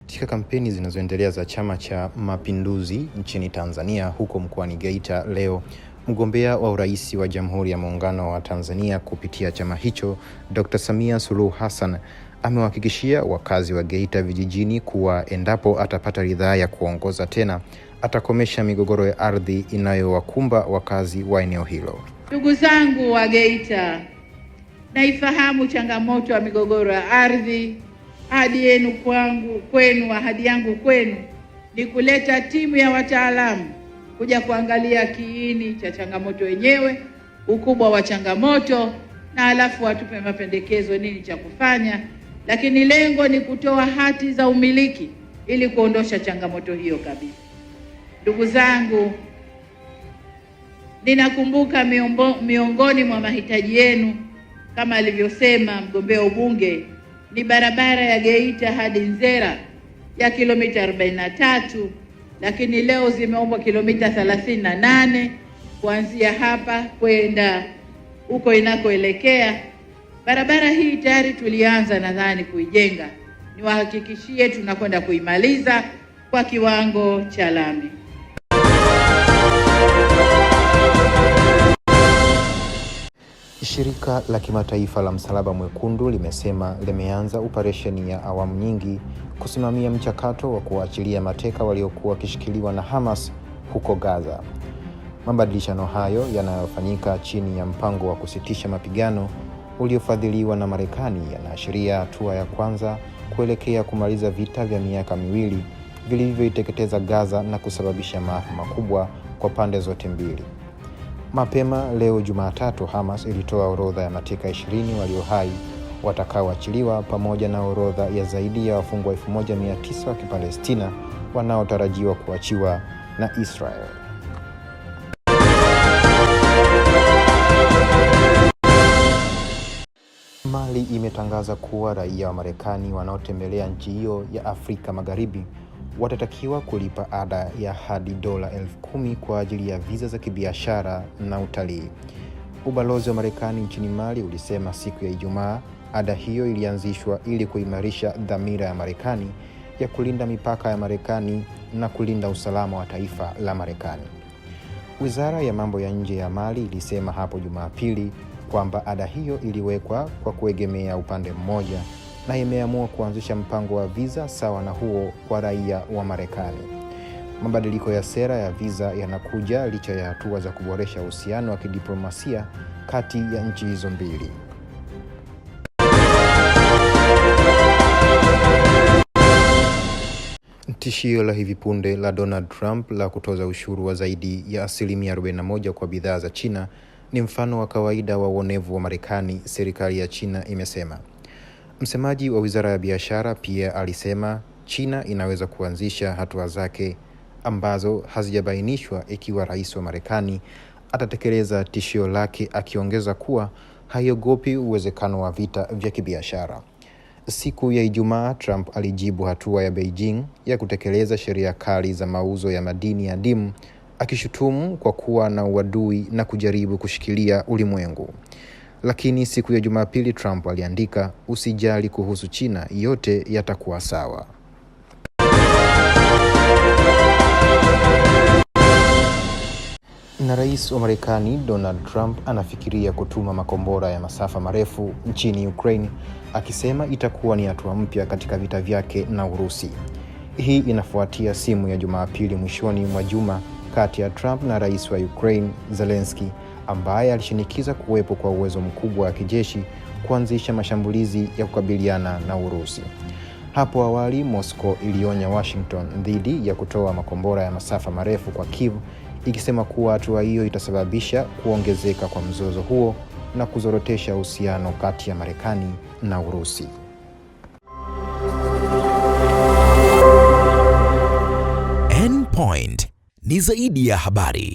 Katika kampeni zinazoendelea za Chama cha Mapinduzi nchini Tanzania, huko mkoani Geita, leo mgombea wa urais wa Jamhuri ya Muungano wa Tanzania kupitia chama hicho, Dr. Samia Suluhu Hassan amewahakikishia wakazi wa Geita vijijini kuwa endapo atapata ridhaa ya kuongoza tena, atakomesha migogoro ya ardhi inayowakumba wakazi wa eneo hilo. Ndugu zangu wa Geita, naifahamu changamoto ya migogoro ya ardhi. Ahadi yenu kwangu kwenu, ahadi yangu kwenu ni kuleta timu ya wataalamu kuja kuangalia kiini cha changamoto yenyewe, ukubwa wa changamoto, na alafu watupe mapendekezo nini cha kufanya, lakini lengo ni kutoa hati za umiliki ili kuondosha changamoto hiyo kabisa. Ndugu zangu Ninakumbuka miombo, miongoni mwa mahitaji yenu kama alivyosema mgombea ubunge ni barabara ya Geita hadi Nzera ya kilomita 43, lakini leo zimeombwa kilomita 38 kuanzia hapa kwenda huko inakoelekea. Barabara hii tayari tulianza nadhani kuijenga, niwahakikishie tunakwenda kuimaliza kwa kiwango cha lami. Shirika la Kimataifa la Msalaba Mwekundu limesema limeanza operesheni ya awamu nyingi kusimamia mchakato wa kuwaachilia mateka waliokuwa wakishikiliwa na Hamas huko Gaza. Mabadilishano hayo yanayofanyika chini ya mpango wa kusitisha mapigano uliofadhiliwa na Marekani yanaashiria hatua ya kwanza kuelekea kumaliza vita vya miaka miwili vilivyoiteketeza Gaza na kusababisha maafa makubwa kwa pande zote mbili. Mapema leo Jumatatu, Hamas ilitoa orodha ya mateka 20 walio hai watakaoachiliwa pamoja na orodha ya zaidi ya wafungwa 1900 wa Kipalestina wanaotarajiwa kuachiwa na Israel. Mali imetangaza kuwa raia wa Marekani wanaotembelea nchi hiyo ya Afrika Magharibi watatakiwa kulipa ada ya hadi dola elfu kumi kwa ajili ya viza za kibiashara na utalii. Ubalozi wa Marekani nchini Mali ulisema siku ya Ijumaa ada hiyo ilianzishwa ili kuimarisha dhamira ya Marekani ya kulinda mipaka ya Marekani na kulinda usalama wa taifa la Marekani. Wizara ya mambo ya nje ya Mali ilisema hapo Jumapili kwamba ada hiyo iliwekwa kwa kuegemea upande mmoja na imeamua kuanzisha mpango wa viza sawa na huo kwa raia wa Marekani. Mabadiliko ya sera ya viza yanakuja licha ya hatua za kuboresha uhusiano wa kidiplomasia kati ya nchi hizo mbili. Tishio la hivi punde la Donald Trump la kutoza ushuru wa zaidi ya asilimia 41 kwa bidhaa za China ni mfano wa kawaida wa uonevu wa Marekani, serikali ya China imesema. Msemaji wa Wizara ya Biashara pia alisema China inaweza kuanzisha hatua zake ambazo hazijabainishwa ikiwa rais wa Marekani atatekeleza tishio lake, akiongeza kuwa haiogopi uwezekano wa vita vya kibiashara. Siku ya Ijumaa, Trump alijibu hatua ya Beijing ya kutekeleza sheria kali za mauzo ya madini ya dimu, akishutumu kwa kuwa na uadui na kujaribu kushikilia ulimwengu. Lakini siku ya Jumapili Trump aliandika, usijali kuhusu China, yote yatakuwa sawa. Na rais wa Marekani Donald Trump anafikiria kutuma makombora ya masafa marefu nchini Ukraine, akisema itakuwa ni hatua mpya katika vita vyake na Urusi. Hii inafuatia simu ya Jumapili mwishoni mwa juma kati ya Trump na rais wa Ukraine zelenski ambaye alishinikiza kuwepo kwa uwezo mkubwa wa kijeshi kuanzisha mashambulizi ya kukabiliana na Urusi. Hapo awali, Moscow ilionya Washington dhidi ya kutoa makombora ya masafa marefu kwa kiv ikisema kuwa hatua hiyo itasababisha kuongezeka kwa mzozo huo na kuzorotesha uhusiano kati ya Marekani na Urusi. ni zaidi ya habari.